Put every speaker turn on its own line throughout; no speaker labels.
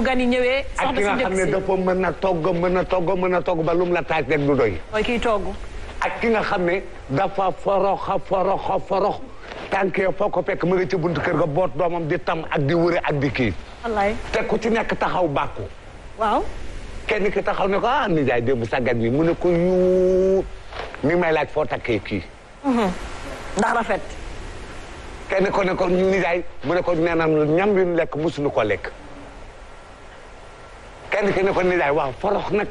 bu gan yi ñëwee. ak mën a togg mën a togg mën a togg ba lum la taaj rek doy. mooy kiy togg. ak ki nga xam ne dafa forox a forox a ko fekk mu ngi ci buntu kër ga boot doomam di tam ak di wëre ak di kii. wallaay te ku ci nekk taxaw bàkku. waaw. kenn ki taxaw ne ko ah nijaay démb sàggat bi mu ne ko yuu mi may laaj foo takkee kii.
Mhm. ndax rafet.
kenn ko ne ko nijaay mu ne ko nee na ñam yu lekk musuñu ko lekk. kenn ne ko ni daay waaw forox nag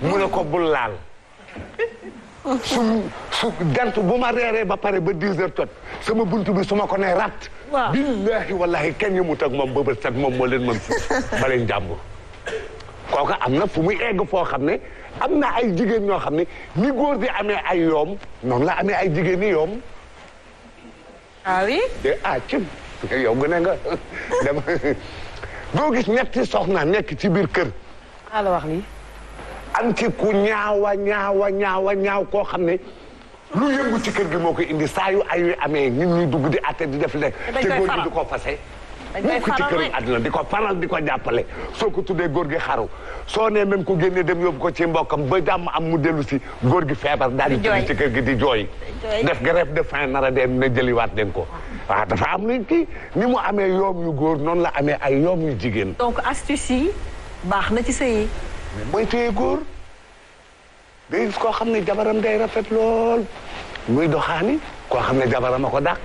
mu ne ko bul laal su su gant bu ma reeree ba pare ba dix heures tot sama buntu bi su ma ko nee rat billahi wallahi kenn yëmut ak moom booba set moom moo leen mën suuf ba leen jàmbur kooka am na fu muy egg foo xam ne am na ay jigéen ñoo xam ni góor di amee ay yoom noonu la am amee ay jigéen ñi yoom ah oui de ah cim soxna nekk ci biir kër maa la wax lii. am ci ku ñaawa ñaawa ñaawa ñaaw koo xam ne lu yëngu ci kër gi moo ko indi saa yu ay amee ngi ñuy dugg di àtte di def lekk. te góor gi di ko fase. dañ koy ci kër këram àddina di ko faral di ko jàppale. soo ko tuddee góor gi xaru soo nee même ku génnee dem yóbbu ko ci mbokkam ba jàmm am mu dellu si góor gi feebar. daal di jooy ci kër gi di jooy. def grève de faim nara de na jëliwaat den ko. waaw ah, dafa am ni kii ni mu amee yoom yu góor noonu la amee ay yoom yu jigéen. baax na ci sëy mais mooy téye góor koo xam ne jabaram day rafet lool muy doxaani koo xam ne jabaram a ko dàq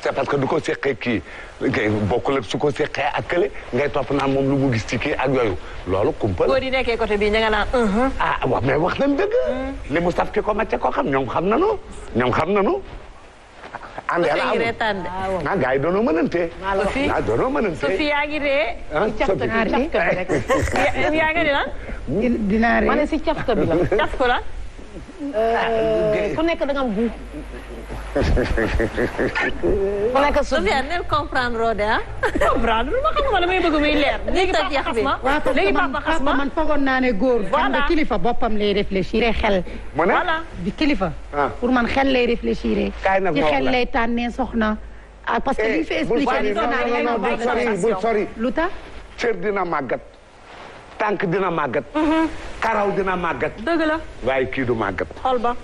c'est parce que du ko seqee kii ngay bokkul su ko seqee ak kële ngay topp naan moom lu mu gis ci kii ak yooyu loolu kumpa la.
góor yi nekkee côté bii ña nga naan. Uh-huh. ah
waaw mais wax nañ mm. li mu saf ki ko macce ko xam ñoom xam nañu ñoom xam nañu. ànd yàlla
amul ah gars yi
doonoo mënante. ah doonoo mënante. Sophie si cafka bi la cafka
Euh, ku nekk da nga am guub. ku nekk suuf bi nel comprendre loo de ah. comprendre lu ma xam nga damay bëgg muy leer. léegi papa xas ma léegi papa xas ma man foogoon naa ne góor. xam nga kilifa boppam lay réfléchir xel. mu ne bi kilifa. Ah. pour man xel lay réfléchir. kaay na ci xel lay tànnee soxna.
ah parce que eh, li ñu fi expliqué. bul sori bul sori lu tax. cër dina màggat. tànk dina màggat. Mm-hmm. karaw dina màggat. dëgg la waaye kii du màggat. xool ba.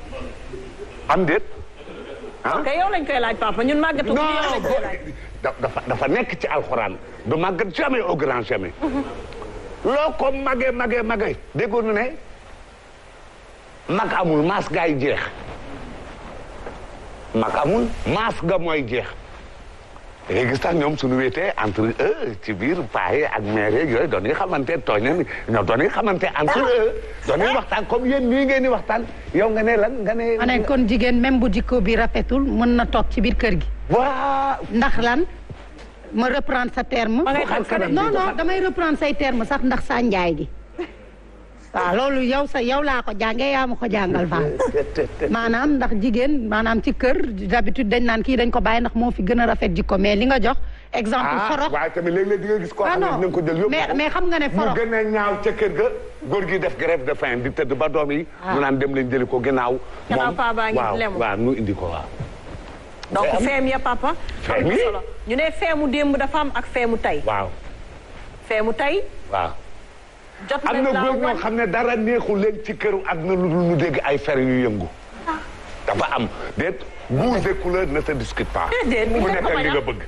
am déet. ah kay yow lañ koy laaj papa ñun màggatu. non dafa dafa nekk ci alxuraan du màggat jamais au grand jamais. loo ko màggee màggee màggee déggoon ñu ne mag amul maas gaay jeex mag amul maas ga mooy jeex. da ngay gis ñoom suñu wéetee entre eux ci biir paye ak maire yeeg yooyu doon yi xamante tooñan ñoom doon yi xamante entre eux doon yi waxtaan comme yéen ñii ngeen di waxtaan yow nga ne lan nga ne kon
jigéen même bu jikko bi rafetul mën na toog ci biir kër gi waa ndax lan ma reprendre sa terme non non damay reprendre say terme sax ndax saa njaay gi waaw loolu yow sa yow laa ko jàngee yaa ma ko jàngal faal maanaam ndax jigéen maanaam ci kër d'habitude dañ naan kii dañ ko bàyyi ndax moo fi gën a rafet jikko mais li nga jox exemple forox ah,
waaye tamit gis koo xam ne dinañ ah, ko jël yóbbu mais xam nga ne forox mu gën a ñaaw ca kër ga góor gi def grève de faim di tëdd ba doom yi mu ah. naan dem leen jëli ko ginnaaw moom waaw waaw nu indi ko
donc feem ya papa ñu ne feemu démb dafa am ak feemu tey waaw feemu tey waaw am na góor ñoo
xam ne dara neexu leen ci këru àdduna lu dul dégg ay fer yu yëngu. dafa am déet goût des couleurs ne se discute pas. ku nekk ak li nga bëgg.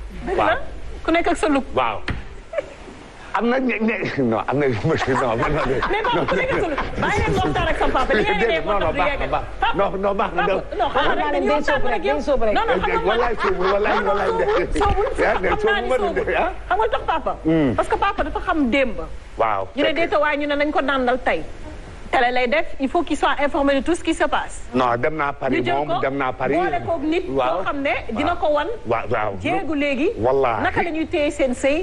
ku nekk ak sa am na non am na non man. mais papa ku nekk sunu bàyyi leen waxtaan ak sama papa li ngeen di dee non non baax na baax non non baax na. non xaaral rek ñu waxtaan
rek yow non non xam nga walaay soobul walaay walaay soobul soobul xam nga tax papa. parce que papa dafa xam démb.
waaw ñu ne déeta
waaye ñu ne nañ ko nàndal tey. télé lay def il faut qu'il soit informé de tout ce qui se passe.
non dem naa Paris moom dem naa Paris boole koog nit. waaw xam ne dina ko wan.
waaw waaw jéegu léegi. wallaahi naka la ñuy téye seen sëy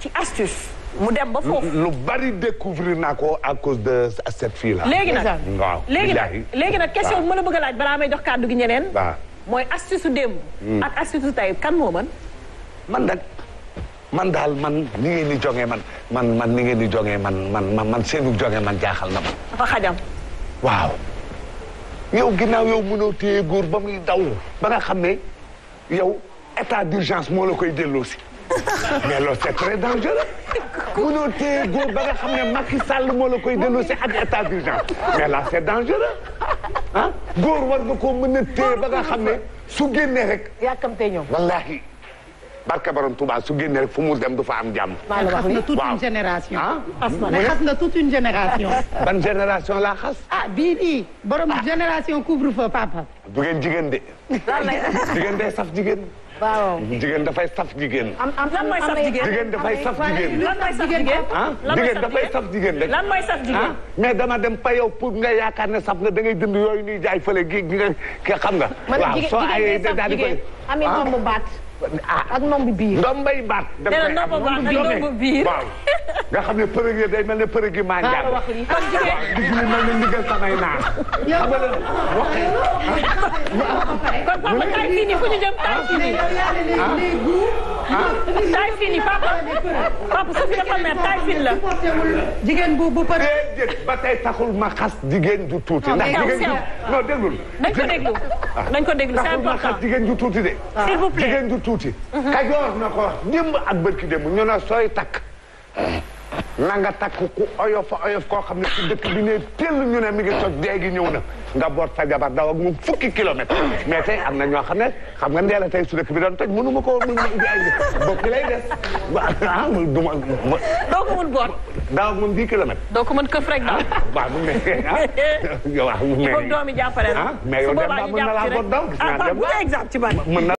ci astuce. mu dem ba foofu lu
bari découvrir naa ko à cause de cette fille là. léegi nag waaw léegi nag léegi nag question bi ma
laaj balaa may jox kàddu gi ñeneen. waaw mooy astuce su démb. Hmm. ak astuce su tey kan moo man man
man daal man ni ngeen di jongee man man man ni ngeen di jongee man man man man seenu jongee man jaaxal na ma. dafa xajam. waaw yow ginnaaw yow mënoo téye góor ba muy daw ba nga xam ne yow état d'urgence moo la koy delloosi. mais loolu c'est très dangereux. mënoo téye góor ba nga xam ne Macky Sall moo la koy delloo si ak état d'urgence mais là c'est dangereux ah góor war nga koo mën a téye ba nga xam ne su génnee rek. yàkkamtee ñoom wallaahi. barka borom Touba su génne rek fu mu dem du fa am jàmm. waaw xas na toute une
génération. Ah?
asma ne xas na
toute une génération.
ban génération laa
xas. ah bii nii. borom ah. génération couvre-feu papa.
du ngeen jigéen de. jigéen de saf jigéen. waaw jigéen dafay saf jigéen. am am lan mooy saf jigéen jigéen dafay saf jigéen. lan mooy saf jigéen ah dafay saf jigéen rek. lan mooy saf jigéen. Ah? mais dama dem pa yow pour nga yaakaar ne saf nga da ngay dund yooyu ñuy jaay fële gi nga xam nga. waaw soo ayee daal di koy man jigéen jigéen amee moom ah? baat. ah ak nomb biir. ndombay baat. dem koy am nomb biir waaw. nga xam ne përëg day mel ne përëg yi maa njàng. waaw
digg
li mel ne ndigal samay naan. yow xam nga wax. kon papa taay fii nii fu ñu jëm taay fii nii. Ah. Ah. Ah.
Ah. Taïfin yi papa papa su fi dafa mer Taïfin la.
jigéen bu bu pare. déedéet eh, ba tey taxul ma xas jigéen ju tuuti. ndax jigéen ju non déglul. dañ ko déglu
dañ ah. ko déglu c'est important taxul ma xas
jigéen ju tuuti de. Ah. s'il vous plaît jigéen ju tuuti. Mm-hmm. Kajoor na ko wax démb ak bërki démb ñu ne sooy takk. na nga takk ku oyof oyof koo xam ne ci dëkk bi ne teel ñu ne mi ngi toj dee gi ñëw na nga boot sa jabar daw ak fukki kilomètre mais tey am na ñoo xam ne xam nga ndeela tey su dëkk bi doon toj mënu ma ko mënu ma ubbi ay bokk lay des ah du ma doo ko mën boot daaw moom dix kilomètres doo ko mën këf rek daal waaw mu mais ah. waaw mu mais doomi jàppale na ah, mais yow dem na mën na laa boot daw gis naa ah, dem exemple ci ban